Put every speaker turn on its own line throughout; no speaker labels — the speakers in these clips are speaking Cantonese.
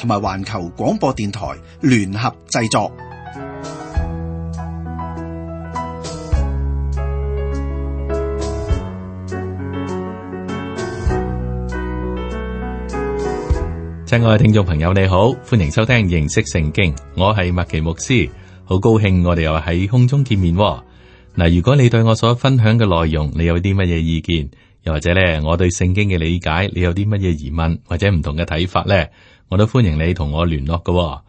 同埋環球廣播電台聯合製作，親愛嘅聽眾朋友，你好，歡迎收聽認識聖經。我係麥奇牧師，好高興我哋又喺空中見面嗱。如果你對我所分享嘅內容，你有啲乜嘢意見，又或者咧我對聖經嘅理解，你有啲乜嘢疑問或者唔同嘅睇法咧？我都歡迎你同我聯絡嘅、哦，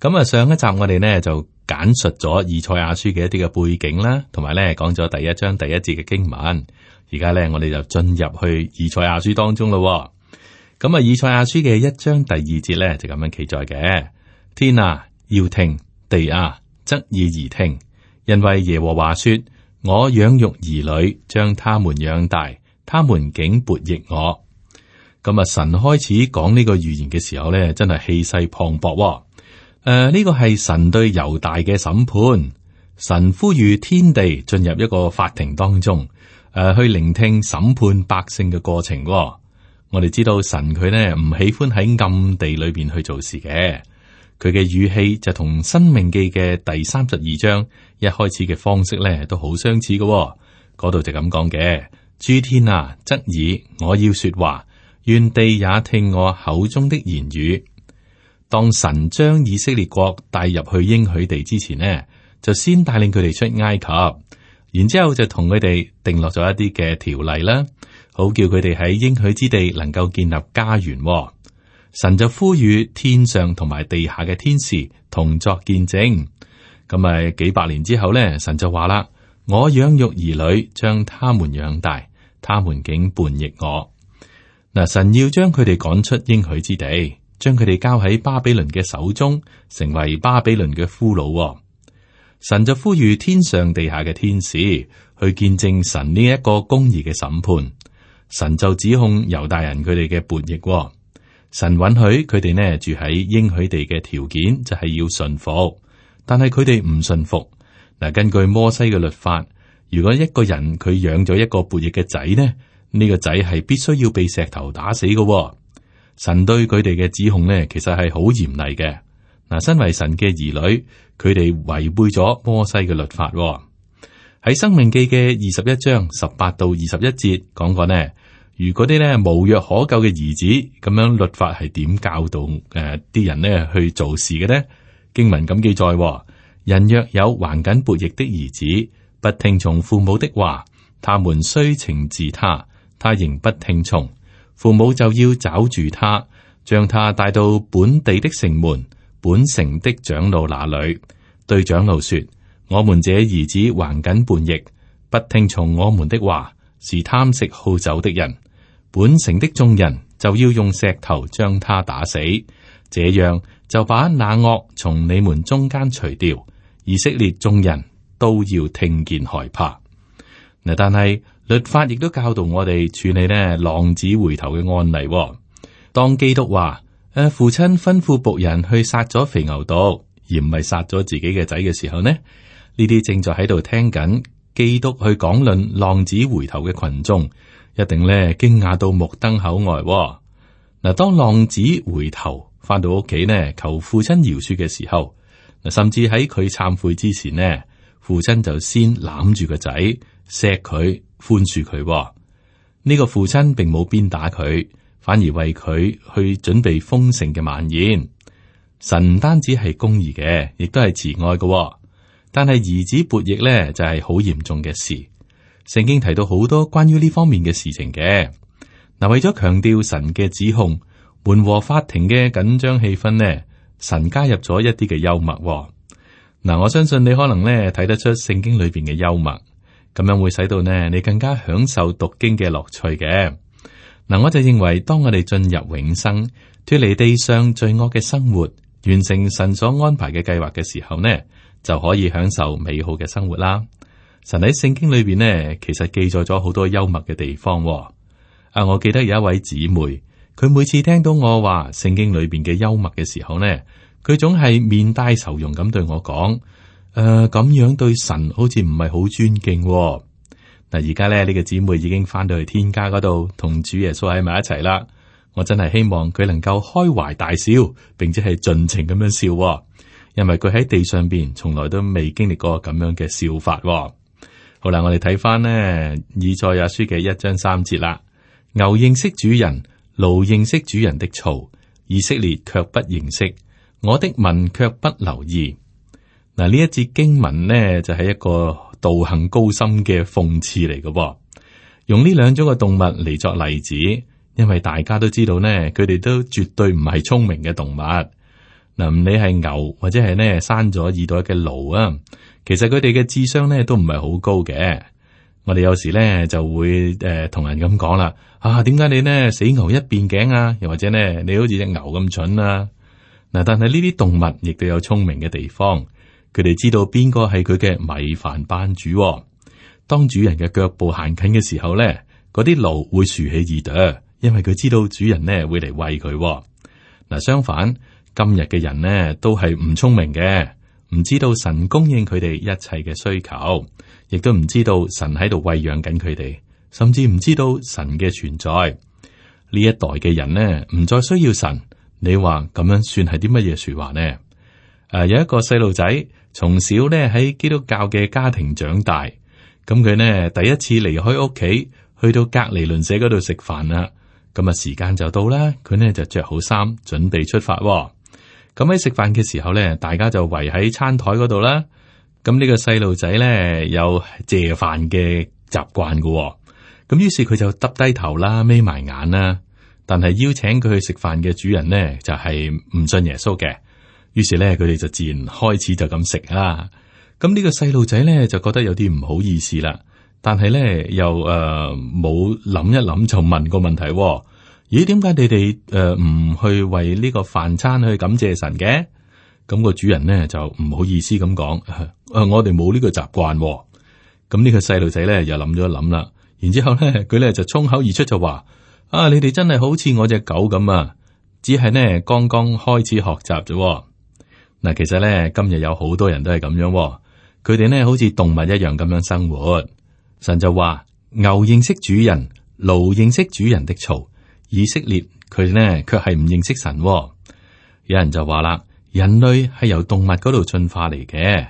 咁啊上一集我哋呢就簡述咗以賽亞書嘅一啲嘅背景啦，同埋咧講咗第一章第一節嘅經文，而家咧我哋就進入去以賽亞書當中咯、哦，咁啊以賽亞書嘅一章第二節咧就咁樣記載嘅，天啊要聽，地啊側耳而聽，因為耶和華說，我養育兒女，將他們養大，他們竟悖逆我。噉啊神開始講呢個預言嘅時候咧，真係氣勢磅礴、哦。誒、呃，呢個係神對猶大嘅審判。神呼籲天地進入一個法庭當中，誒、呃，去聆聽審判百姓嘅過程、哦。我哋知道神佢咧唔喜歡喺暗地裏邊去做事嘅。佢嘅語氣就同《申命記》嘅第三十二章一開始嘅方式咧，都好相似嘅、哦。嗰度就咁講嘅，諸天啊，側耳我要說話。願地也聽我口中的言語。當神將以色列國帶入去應許地之前呢，就先帶領佢哋出埃及，然之後就同佢哋定落咗一啲嘅條例啦，好叫佢哋喺應許之地能夠建立家園。神就呼籲天上同埋地下嘅天使同作見證。咁咪幾百年之後呢，神就話啦：我養育兒女，將他們養大，他們竟叛逆我。嗱，神要將佢哋趕出應許之地，將佢哋交喺巴比倫嘅手中，成為巴比倫嘅俘虜。神就呼籲天上地下嘅天使去見證神呢一個公義嘅審判。神就指控猶大人佢哋嘅叛逆。神允許佢哋呢住喺應許地嘅條件，就係要順服。但係佢哋唔順服。嗱，根據摩西嘅律法，如果一個人佢養咗一個叛逆嘅仔呢？呢個仔係必須要被石頭打死嘅、哦，神對佢哋嘅指控呢，其實係好嚴厲嘅。嗱，身為神嘅兒女，佢哋違背咗摩西嘅律法、哦。喺《生命記》嘅二十一章十八到二十一節講過呢，如果啲呢無藥可救嘅兒子咁樣律法係點教導誒啲、呃、人呢去做事嘅呢？」經文咁記載、哦，人若有頑梗悖逆的兒子不聽從父母的話，他們雖懲治他。他仍不聽從，父母就要抓住他，將他帶到本地的城門、本城的長老那裏。對長老說：我們這兒子還緊叛逆，不聽從我們的話，是貪食好酒的人。本城的眾人就要用石頭將他打死，這樣就把那惡從你們中間除掉。以色列眾人都要聽見害怕。嗱，但係。律法亦都教導我哋處理呢浪子回頭嘅案例。當基督話：誒，父親吩咐僕人去殺咗肥牛犢，而唔係殺咗自己嘅仔嘅時候，呢呢啲正在喺度聽緊基督去講論浪子回頭嘅群眾，一定咧驚訝到目瞪口呆。嗱，當浪子回頭翻到屋企呢，求父親饒恕嘅時候，嗱，甚至喺佢懺悔之前呢，父親就先攬住個仔，錫佢。寬恕佢，哦，呢，這個父親並冇鞭打佢，反而為佢去準備豐盛嘅晚宴。神唔單止係公義嘅，亦都係慈愛嘅，哦。但係兒子悖逆呢，就係、是、好嚴重嘅事。聖經提到好多關於呢方面嘅事情嘅。嗱，為咗強調神嘅指控，緩和法庭嘅緊張氣氛呢，神加入咗一啲嘅幽默，哦。嗱，我相信你可能呢睇得出聖經裏邊嘅幽默。咁樣會使到呢，你更加享受讀經嘅樂趣嘅。嗱，我就認為當我哋進入永生，脫離地上罪惡嘅生活，完成神所安排嘅計劃嘅時候呢，就可以享受美好嘅生活啦。神喺聖經裏邊呢，其實記載咗好多幽默嘅地方。啊，我記得有一位姊妹，佢每次聽到我話聖經裏邊嘅幽默嘅時候呢，佢總係面帶愁容咁對我講。誒，咁、呃、樣對神好似唔係好尊敬，哦。嗱，而家咧呢個姊妹已經翻到去天家嗰度，同主耶穌喺埋一齊啦。我真係希望佢能夠開懷大笑，並且係盡情咁樣笑，哦，因為佢喺地上邊從來都未經歷過咁樣嘅笑法，哦。好啦，我哋睇翻呢以賽亞書嘅一章三節啦。牛認識主人，驢認識主人的槽，以色列卻不認識，我的民卻不留意。嗱，呢一節經文咧，就係、是、一個道行高深嘅諷刺嚟嘅噃，用呢兩種嘅動物嚟作例子，因為大家都知道咧，佢哋都絕對唔係聰明嘅動物。嗱，你係牛或者係咧生咗二代嘅驢啊，其實佢哋嘅智商咧都唔係好高嘅。我哋有時咧就會誒同、呃、人咁講啦，啊，點解你咧死牛一邊頸啊？又或者咧，你好似隻牛咁蠢啊？嗱，但係呢啲動物亦都有聰明嘅地方。佢哋知道邊個係佢嘅米飯班主，哦，當主人嘅腳步行近嘅時候咧，嗰啲驢會豎起耳朵，因為佢知道主人咧會嚟餵佢。嗱，相反今日嘅人咧都係唔聰明嘅，唔知道神供應佢哋一切嘅需求，亦都唔知道神喺度餵養緊佢哋，甚至唔知道神嘅存在。呢一代嘅人咧唔再需要神，你話咁樣算係啲乜嘢說話呢？誒，有一個細路仔。從小咧喺基督教嘅家庭長大，咁佢咧第一次離開屋企去到隔離鄰舍嗰度食飯啦，咁啊時間就到啦，佢咧就着好衫準備出發哦。咁喺食飯嘅時候咧，大家就圍喺餐台嗰度啦。咁呢個細路仔咧有謝飯嘅習慣噶，咁於是佢就耷低頭啦，眯埋眼啦。但係邀請佢去食飯嘅主人呢，就係唔信耶穌嘅。於是咧，佢哋就自然開始就咁食啦。咁呢個細路仔咧就覺得有啲唔好意思啦，但係咧又誒冇諗一諗就問個問題。咦、欸，點解你哋誒唔去為呢個飯餐去感謝神嘅？咁、那個主人咧就唔好意思咁講誒，我哋冇呢個習慣。咁呢個細路仔咧又諗咗一諗啦，然之後咧佢咧就衝口而出就話：啊，你哋真係好似我隻狗咁啊，只係呢，剛剛開始學習啫。嗱，其實咧今日有好多人都係咁樣，佢哋咧好似動物一樣咁樣生活。神就話：牛認識主人，驢認識主人的槽。以色列佢呢卻係唔認識神。有人就話啦：人類係由動物嗰度進化嚟嘅。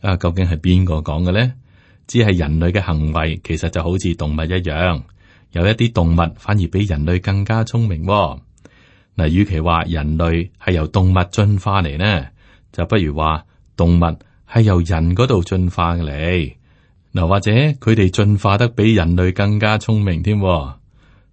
啊，究竟係邊個講嘅呢？只係人類嘅行為其實就好似動物一樣，有一啲動物反而比人類更加聰明。嗱、啊，與其話人類係由動物進化嚟呢，就不如話動物係由人嗰度進化嚟，嗱，或者佢哋進化得比人類更加聰明添，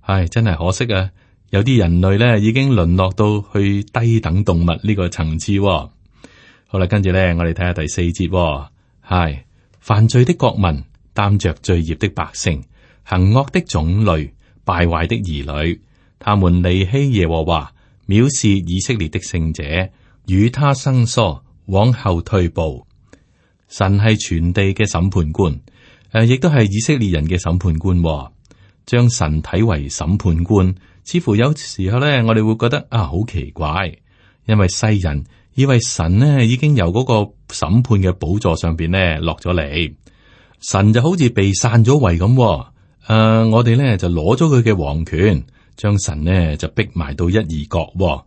唉，真係可惜啊！有啲人類咧已經淪落到去低等動物呢個層次。好啦，跟住咧我哋睇下第四節，係犯罪的國民擔着罪孽的百姓，行惡的種類敗壞的兒女，他們離棄耶和華，藐視以色列的聖者。與他生疏，往後退步。神係全地嘅審判官，誒、呃，亦都係以色列人嘅審判官。哦、將神睇為審判官，似乎有時候咧，我哋會覺得啊，好奇怪，因為世人以為神咧已經由嗰個審判嘅寶座上邊咧落咗嚟，神就好似被散咗圍咁。誒、呃，我哋咧就攞咗佢嘅王權，將神呢就逼埋到一二角。哦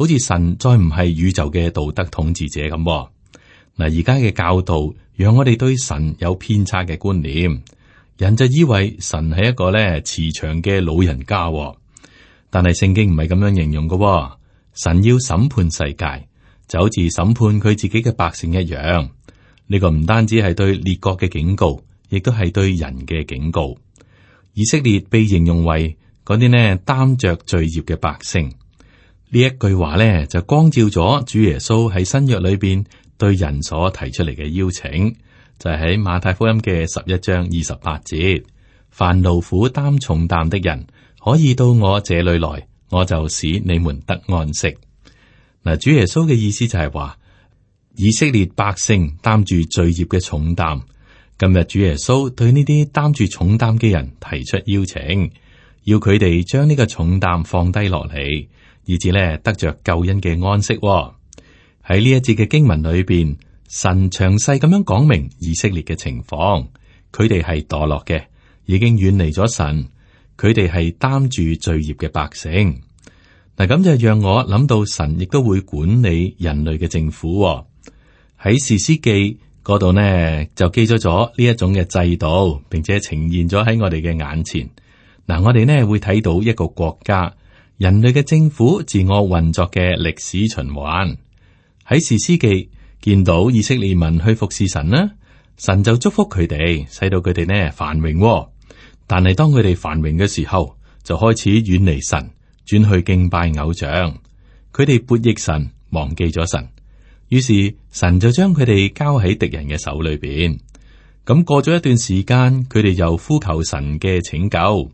好似神再唔係宇宙嘅道德統治者咁。嗱，而家嘅教導讓我哋對神有偏差嘅觀念，人就以為神係一個咧慈祥嘅老人家。但係聖經唔係咁樣形容嘅。神要審判世界，就好似審判佢自己嘅百姓一樣。呢、這個唔單止係對列國嘅警告，亦都係對人嘅警告。以色列被形容為嗰啲咧擔着罪孽嘅百姓。呢一句話咧，就光照咗主耶穌喺新約裏邊對人所提出嚟嘅邀請，就係喺馬太福音嘅十一章二十八節。凡勞苦擔重擔的人，可以到我這裏來，我就使你們得安息。嗱，主耶穌嘅意思就係話，以色列百姓擔住罪孽嘅重擔，今日主耶穌對呢啲擔住重擔嘅人提出邀請，要佢哋將呢個重擔放低落嚟。以至呢，得着救恩嘅安息喺、哦、呢一節嘅經文裏邊，神詳細咁樣講明以色列嘅情況，佢哋係墮落嘅，已經遠離咗神，佢哋係擔住罪孽嘅百姓。嗱、啊、咁就讓我諗到神亦都會管理人類嘅政府喺士師記嗰度呢，就記咗咗呢一種嘅制度，並且呈現咗喺我哋嘅眼前。嗱、啊、我哋呢會睇到一個國家。人類嘅政府自我運作嘅歷史循環，喺士師記見到以色列民去服侍神呢，神就祝福佢哋，使到佢哋呢繁榮、哦。但係當佢哋繁榮嘅時候，就開始遠離神，轉去敬拜偶像。佢哋撥逆神，忘記咗神。於是神就將佢哋交喺敵人嘅手裏邊。咁過咗一段時間，佢哋又呼求神嘅拯救，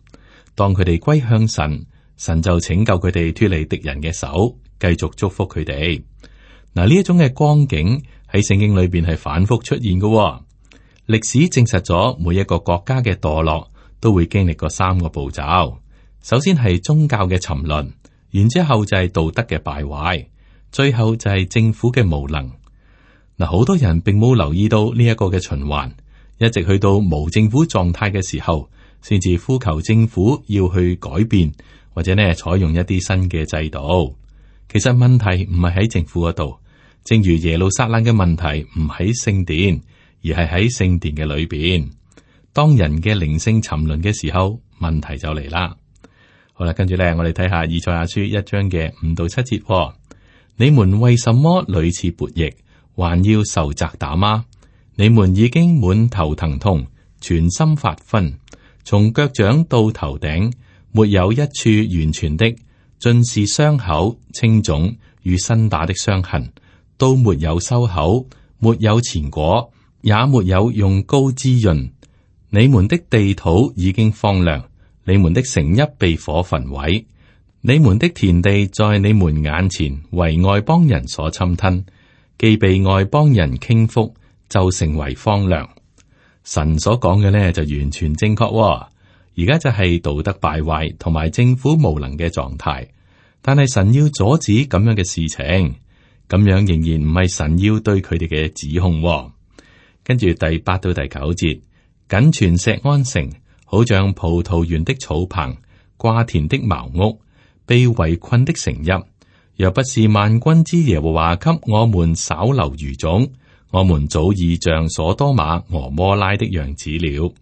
當佢哋歸向神。神就拯救佢哋脱離敵人嘅手，繼續祝福佢哋。嗱呢一種嘅光景喺聖經裏邊係反覆出現嘅，哦。歷史證實咗每一個國家嘅墮落都會經歷過三個步驟：首先係宗教嘅沉淪，然之後就係道德嘅敗壞，最後就係政府嘅無能。嗱，好多人並冇留意到呢一個嘅循環，一直去到無政府狀態嘅時候，先至呼求政府要去改變。或者呢，採用一啲新嘅制度，其實問題唔係喺政府嗰度，正如耶路撒冷嘅問題唔喺聖殿，而係喺聖殿嘅裏邊。當人嘅靈性沉淪嘅時候，問題就嚟啦。好啦，跟住咧，我哋睇下以賽亞書一章嘅五到七節、哦：，你們為什麼屢次悖逆，還要受責打嗎？你們已經滿頭疼痛，全身發昏，從腳掌到頭頂。沒有一處完全的，盡是傷口、青腫與新打的傷痕，都沒有收口，沒有前果，也沒有用膏滋潤。你們的地土已經荒涼，你們的城邑被火焚毀，你們的田地在你們眼前為外邦人所侵吞，既被外邦人傾覆，就成為荒涼。神所講嘅呢，就完全正確哦。而家就係道德敗壞同埋政府無能嘅狀態，但係神要阻止咁樣嘅事情，咁樣仍然唔係神要對佢哋嘅指控，哦。跟住第八到第九節，僅存錫安城，好像葡萄園的草棚、瓜田的茅屋，被圍困的城邑。若不是萬軍之耶和華給我們稍留餘種，我們早已像所多瑪、蛾摩拉的樣子了。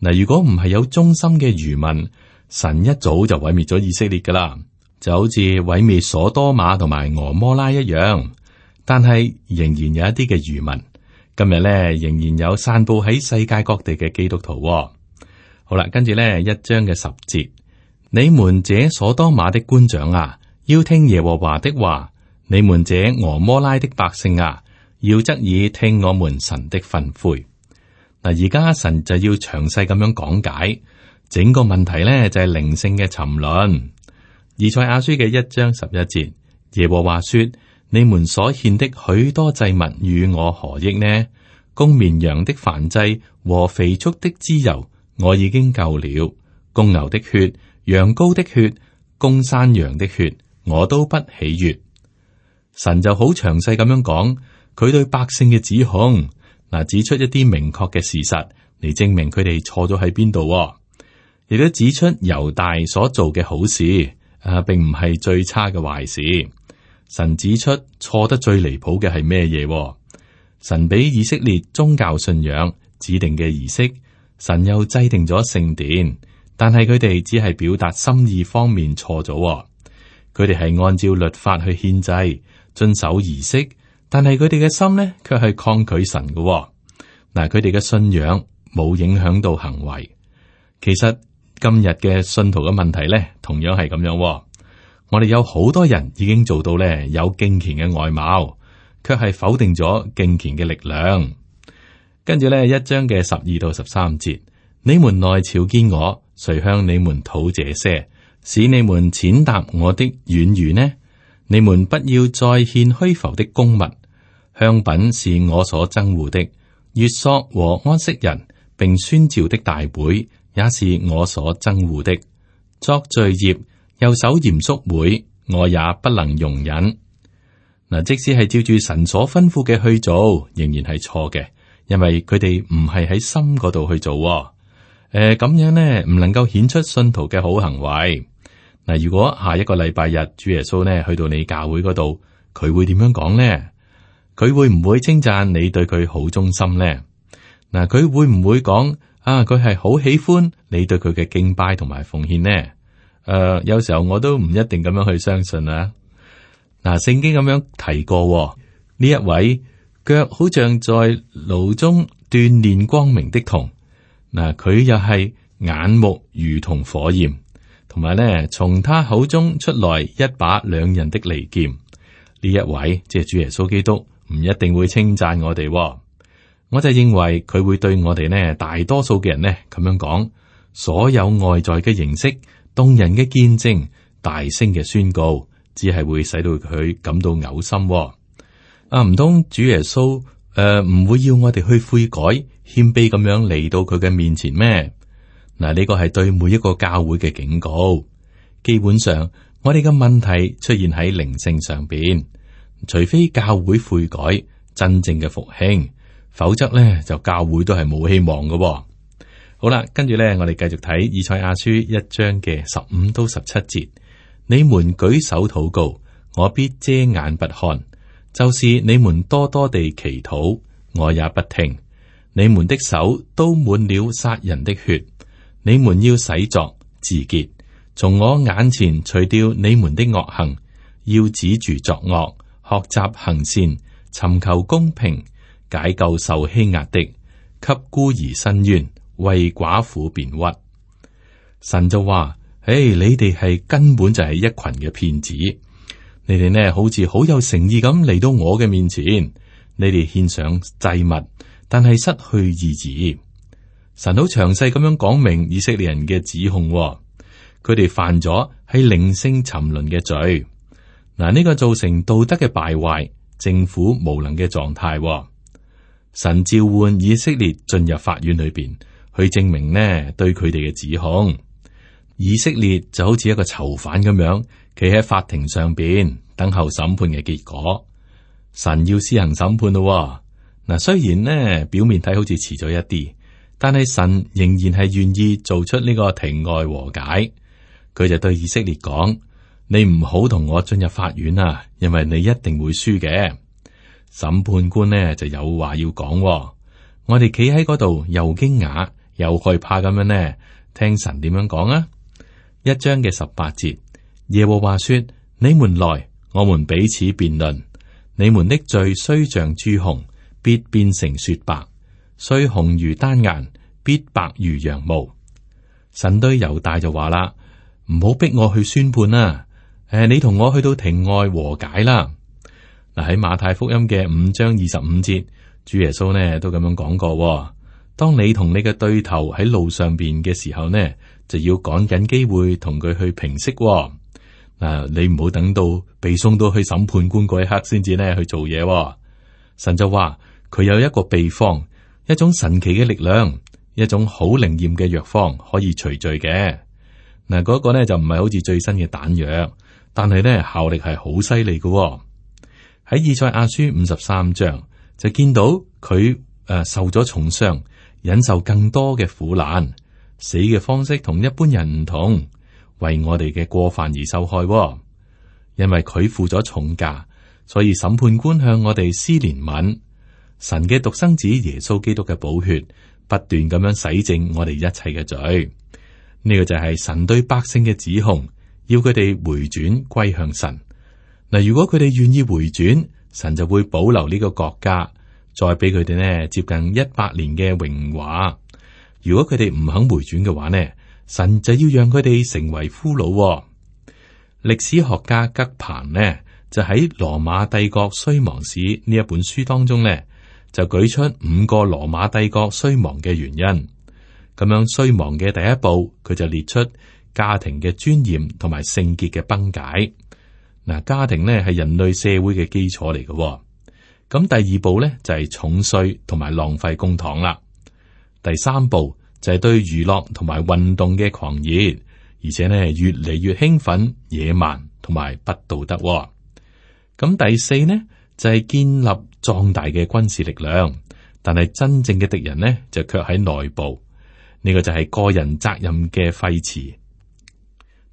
嗱，如果唔係有忠心嘅愚民，神一早就毀滅咗以色列噶啦，就好似毀滅所多瑪同埋俄摩拉一樣。但係仍然有一啲嘅愚民，今日咧仍然有散布喺世界各地嘅基督徒哦。好啦，跟住咧一章嘅十節，你們這所多瑪的官長啊，要聽耶和華的話；你們這俄摩拉的百姓啊，要側耳聽我們神的訓誨。嗱，而家神就要詳細咁樣講解整個問題咧，就係、是、靈性嘅沉淪。而以賽亞書嘅一章十一節，耶和華說：你們所獻的許多祭物與我何益呢？公綿羊的燔祭和肥畜的脂油，我已經夠了。公牛的血、羊羔的血、公山羊的血，我都不喜悦。神就好詳細咁樣講佢對百姓嘅指控。嗱，指出一啲明確嘅事實嚟證明佢哋錯咗喺邊度，亦都指出猶大所做嘅好事，誒、啊，並唔係最差嘅壞事。神指出錯得最離譜嘅係咩嘢？神俾以色列宗教信仰指定嘅儀式，神又制定咗聖典，但係佢哋只係表達心意方面錯咗。佢哋係按照律法去憲制遵守儀式。但係佢哋嘅心呢，卻係抗拒神嘅、哦。嗱，佢哋嘅信仰冇影響到行為。其實今日嘅信徒嘅問題呢，同樣係咁樣、哦。我哋有好多人已經做到呢有敬虔嘅外貌，卻係否定咗敬虔嘅力量。跟住呢一章嘅十二到十三節，你們內朝見我，誰向你們討這些，使你們踐踏我的院宇呢？你們不要再獻虛浮的供物。香品是我所憎惡的，月朔和安息日，並宣召的大會也是我所憎惡的。作罪孽又守嚴肅會，我也不能容忍。嗱，即使係照住神所吩咐嘅去做，仍然係錯嘅，因為佢哋唔係喺心嗰度去做。誒、呃，咁樣呢，唔能夠顯出信徒嘅好行為。嗱，如果下一個禮拜日主耶穌呢去到你教會嗰度，佢會點樣講呢？佢會唔會稱讚你對佢好忠心呢？嗱，佢會唔會講啊？佢係好喜歡你對佢嘅敬拜同埋奉獻呢？誒、啊，有時候我都唔一定咁樣去相信啊。嗱、啊，聖經咁樣提過呢、哦、一位腳好像在爐中鍛煉光明的銅，嗱、啊，佢又係眼目如同火焰，同埋咧從他口中出來一把兩刃的利劍。呢一位即係主耶穌基督。唔一定會稱讚我哋、哦，我就認為佢會對我哋呢大多數嘅人呢，咁樣講，所有外在嘅形式、動人嘅見證、大聲嘅宣告，只係會使到佢感到嘔心、哦。啊，唔通主耶穌誒唔會要我哋去悔改、謙卑咁樣嚟到佢嘅面前咩？嗱、啊，呢個係對每一個教會嘅警告。基本上，我哋嘅問題出現喺靈性上面。除非教會悔改，真正嘅復興，否則呢，就教會都係冇希望嘅喎。好啦，跟住呢，我哋繼續睇以賽亞書一章嘅十五到十七節。你們舉手禱告，我必遮眼不看；就是你們多多地祈禱，我也不聽。你們的手都滿了殺人的血，你們要洗濯自潔，從我眼前除掉你們的惡行，要止住作惡。學習行善，尋求公平，解救受欺壓的，給孤兒伸冤，為寡婦辯屈。神就話：，誒，你哋係根本就係一群嘅騙子。你哋呢，好似好有誠意咁嚟到我嘅面前，你哋獻上祭物，但係失去意義。神都詳細咁樣講明以色列人嘅指控，佢哋犯咗喺靈性沉淪嘅罪。嗱，呢個造成道德嘅敗壞，政府無能嘅狀態哦。神召喚以色列進入法院裏邊，去證明呢對佢哋嘅指控。以色列就好似一個囚犯咁樣，企喺法庭上邊等候審判嘅結果。神要施行審判咯。嗱，雖然呢表面睇好似遲咗一啲，但係神仍然係願意做出呢個庭外和解。佢就對以色列講。你唔好同我進入法院啊，因為你一定會輸嘅。審判官呢就有話要講、啊，我哋企喺嗰度又驚訝又害怕咁樣呢？聽神點樣講啊？一章嘅十八節，耶和華說：你們來，我們彼此辯論。你們的罪雖像朱紅，必變成雪白；雖紅如丹顏，必白如羊毛。神對猶大就話啦：唔好逼我去宣判啊！誒，你同我去到庭外和解啦。嗱，喺馬太福音嘅五章二十五節，主耶穌呢都咁樣講過、哦。當你同你嘅對頭喺路上邊嘅時候呢，就要趕緊機會同佢去平息、哦。嗱、啊，你唔好等到被送到去審判官嗰一刻先至呢去做嘢、哦。神就話佢有一個秘方，一種神奇嘅力量，一種好靈驗嘅藥方，可以除罪嘅。嗱、啊，嗰、那個呢就唔係好似最新嘅彈藥。但係咧，效力係好犀利嘅。喺以賽亞書五十三章就見到佢、誒、呃、受咗重傷，忍受更多嘅苦難，死嘅方式同一般人唔同，為我哋嘅過犯而受害、哦。因為佢付咗重價，所以審判官向我哋施憐憫。神嘅獨生子耶穌基督嘅寶血，不斷咁樣洗淨我哋一切嘅罪。呢、這個就係神對百姓嘅指控。要佢哋回轉歸向神。嗱，如果佢哋願意回轉，神就會保留呢個國家，再俾佢哋呢接近一百年嘅榮華。如果佢哋唔肯回轉嘅話呢，神就要讓佢哋成為俘虜喎。歷史學家吉彭呢就喺《羅馬帝國衰亡史》呢一本書當中呢就舉出五個羅馬帝國衰亡嘅原因。咁樣衰亡嘅第一步，佢就列出。家庭嘅尊嚴同埋聖潔嘅崩解。嗱，家庭呢係人類社會嘅基礎嚟嘅。咁第二步呢，就係重稅同埋浪費公帑啦。第三步就係對娛樂同埋運動嘅狂熱，而且呢越嚟越興奮、野蠻同埋不道德。咁第四呢就係建立壯大嘅軍事力量，但係真正嘅敵人呢就卻喺內部。呢、這個就係個人責任嘅廢弛。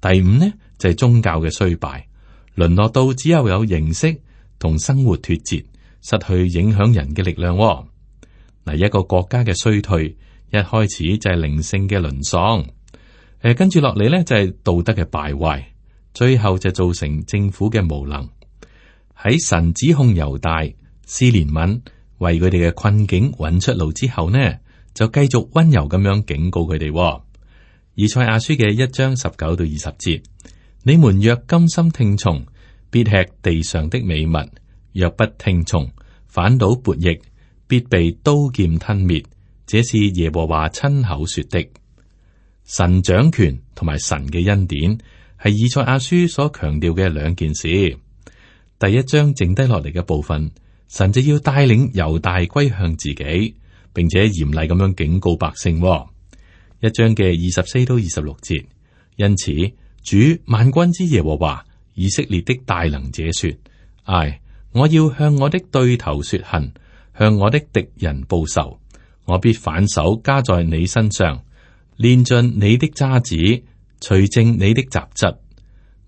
第五呢，就係、是、宗教嘅衰敗，淪落到只有有形式同生活脫節，失去影響人嘅力量、哦。嗱，一個國家嘅衰退一開始就係靈性嘅淪喪。誒、呃，跟住落嚟呢，就係、是、道德嘅敗壞，最後就造成政府嘅無能。喺神指控猶大施憐憫為佢哋嘅困境揾出路之後呢，就繼續溫柔咁樣警告佢哋、哦。以賽亞書嘅一章十九到二十節，你們若甘心聽從，必吃地上的美物；若不聽從，反倒悖逆，必被刀劍吞滅。這是耶和華親口說的。神掌權同埋神嘅恩典係以賽亞書所強調嘅兩件事。第一章剩低落嚟嘅部分，神就要帶領猶大歸向自己，並且嚴厲咁樣警告百姓。一章嘅二十四到二十六節，因此主萬軍之耶和華以色列的大能者說：唉、哎，我要向我的對頭說恨，向我的敵人報仇，我必反手加在你身上，煉盡你的渣子，除淨你的雜質，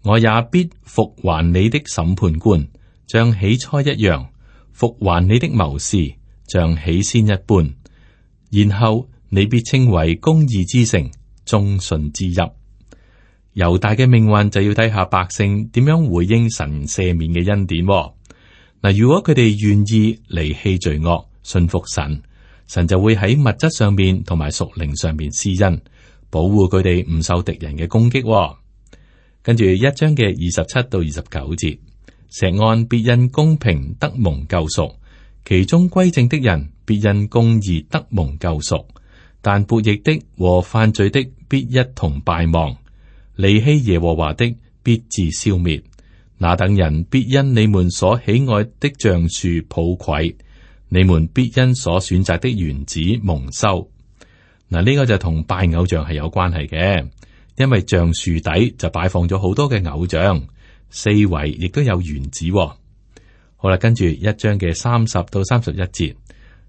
我也必復還你的審判官，像起初一樣，復還你的謀士，像起先一般，然後。你必稱為公義之城、忠信之邑。猶大嘅命運就要睇下百姓點樣回應神赦免嘅恩典、哦。嗱，如果佢哋願意離棄罪惡，信服神，神就會喺物質上面同埋屬靈上面施恩，保護佢哋唔受敵人嘅攻擊、哦。跟住一章嘅二十七到二十九節，錫安必因公平得蒙救贖，其中歸正的人必因公義得蒙救贖。但悖逆的和犯罪的必一同敗亡，離棄耶和華的必自消滅。那等人必因你們所喜愛的橡樹抱愧，你們必因所選擇的園子蒙羞。嗱、啊，呢、這個就同拜偶像係有關係嘅，因為橡樹底就擺放咗好多嘅偶像，四圍亦都有園子、哦。好啦，跟住一章嘅三十到三十一節，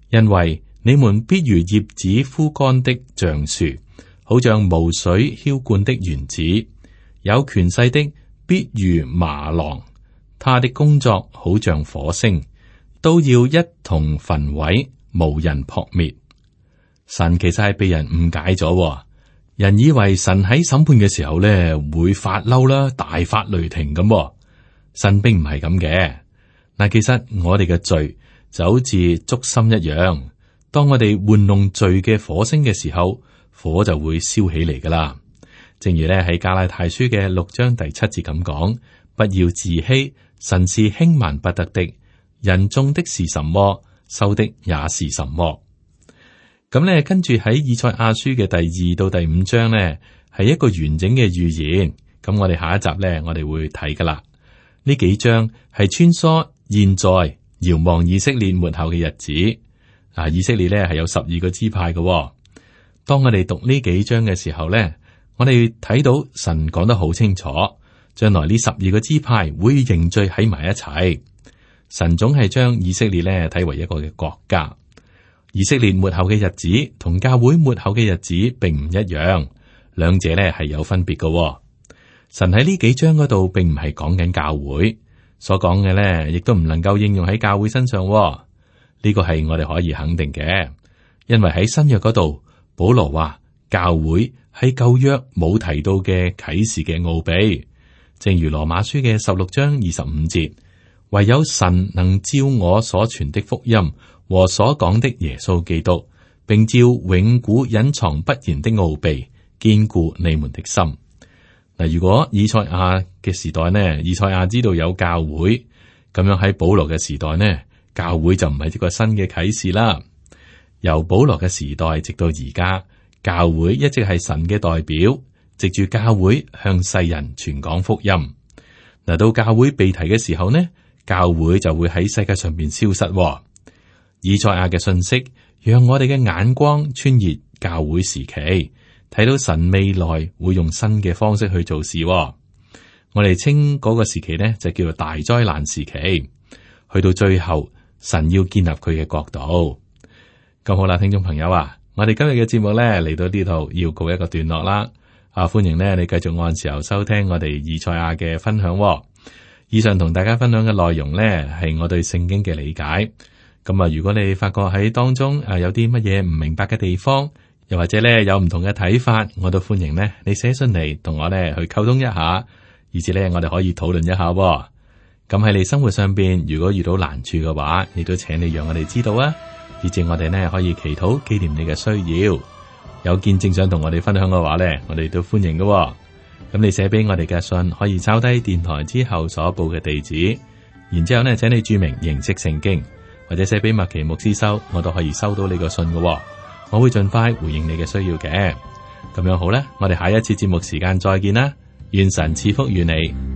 因為。你們必如葉子枯乾的橡樹，好像無水澆灌的園子。有權勢的必如麻瓤，他的工作好像火星，都要一同焚毀，無人撲滅。神其實係被人誤解咗，人以為神喺審判嘅時候咧會發嬲啦，大發雷霆咁。神並唔係咁嘅。但其實我哋嘅罪就好似竹心一樣。當我哋玩弄罪嘅火星嘅時候，火就會燒起嚟噶啦。正如咧喺加拉太書嘅六章第七節咁講， 不要自欺，神是輕慢不得的。人種的是什麼，收的也是什麼。咁、嗯、咧，跟住喺以賽亞書嘅第二到第五章呢，係一個完整嘅預言。咁我哋下一集呢，我哋會睇噶啦。呢幾章係穿梭現在，遙望以色列末後嘅日子。啊！以色列咧係有十二個支派嘅、哦。當我哋讀呢幾章嘅時候咧，我哋睇到神講得好清楚，將來呢十二個支派會凝聚喺埋一齊。神總係將以色列咧睇為一個嘅國家。以色列末後嘅日子同教會末後嘅日子並唔一樣，兩者咧係有分別嘅、哦。神喺呢幾章嗰度並唔係講緊教會，所講嘅咧亦都唔能夠應用喺教會身上、哦。呢個係我哋可以肯定嘅，因為喺新約嗰度，保羅話教會喺舊約冇提到嘅啟示嘅奧秘，正如羅馬書嘅十六章二十五節，唯有神能照我所傳的福音和所講的耶穌基督，並照永古隱藏不言的奧秘，堅固你們的心。嗱，如果以賽亞嘅時代呢，以賽亞知道有教會，咁樣喺保羅嘅時代呢？教會就唔係一個新嘅啟示啦。由保羅嘅時代直到而家，教會一直係神嘅代表，藉住教會向世人傳講福音。嗱，到教會被提嘅時候呢，教會就會喺世界上面消失喎。以賽亞嘅信息，讓我哋嘅眼光穿越教會時期，睇到神未來會用新嘅方式去做事喎。我哋稱嗰個時期呢，就叫做大災難時期。去到最後。神要建立佢嘅國度，咁好啦，聽眾朋友啊，我哋今日嘅節目呢，嚟到呢度要告一個段落啦。啊，歡迎呢，你繼續按時候收聽我哋以賽亞嘅分享，哦。以上同大家分享嘅內容呢，係我對聖經嘅理解。咁、嗯、啊，如果你發覺喺當中啊有啲乜嘢唔明白嘅地方，又或者呢有唔同嘅睇法，我都歡迎呢，你寫信嚟同我呢去溝通一下，而且呢，我哋可以討論一下，哦。咁喺你生活上邊，如果遇到難處嘅話，你都請你讓我哋知道啊，以至我哋呢可以祈禱紀念你嘅需要。有見證想同我哋分享嘅話呢，我哋都歡迎噶喎。咁你寫俾我哋嘅信，可以抄低電台之後所報嘅地址，然之後呢請你注明認識聖經，或者寫俾麥奇牧師收，我都可以收到你個信噶喎。我會盡快回應你嘅需要嘅。咁樣好啦，我哋下一次節目時間再見啦，願神賜福與你。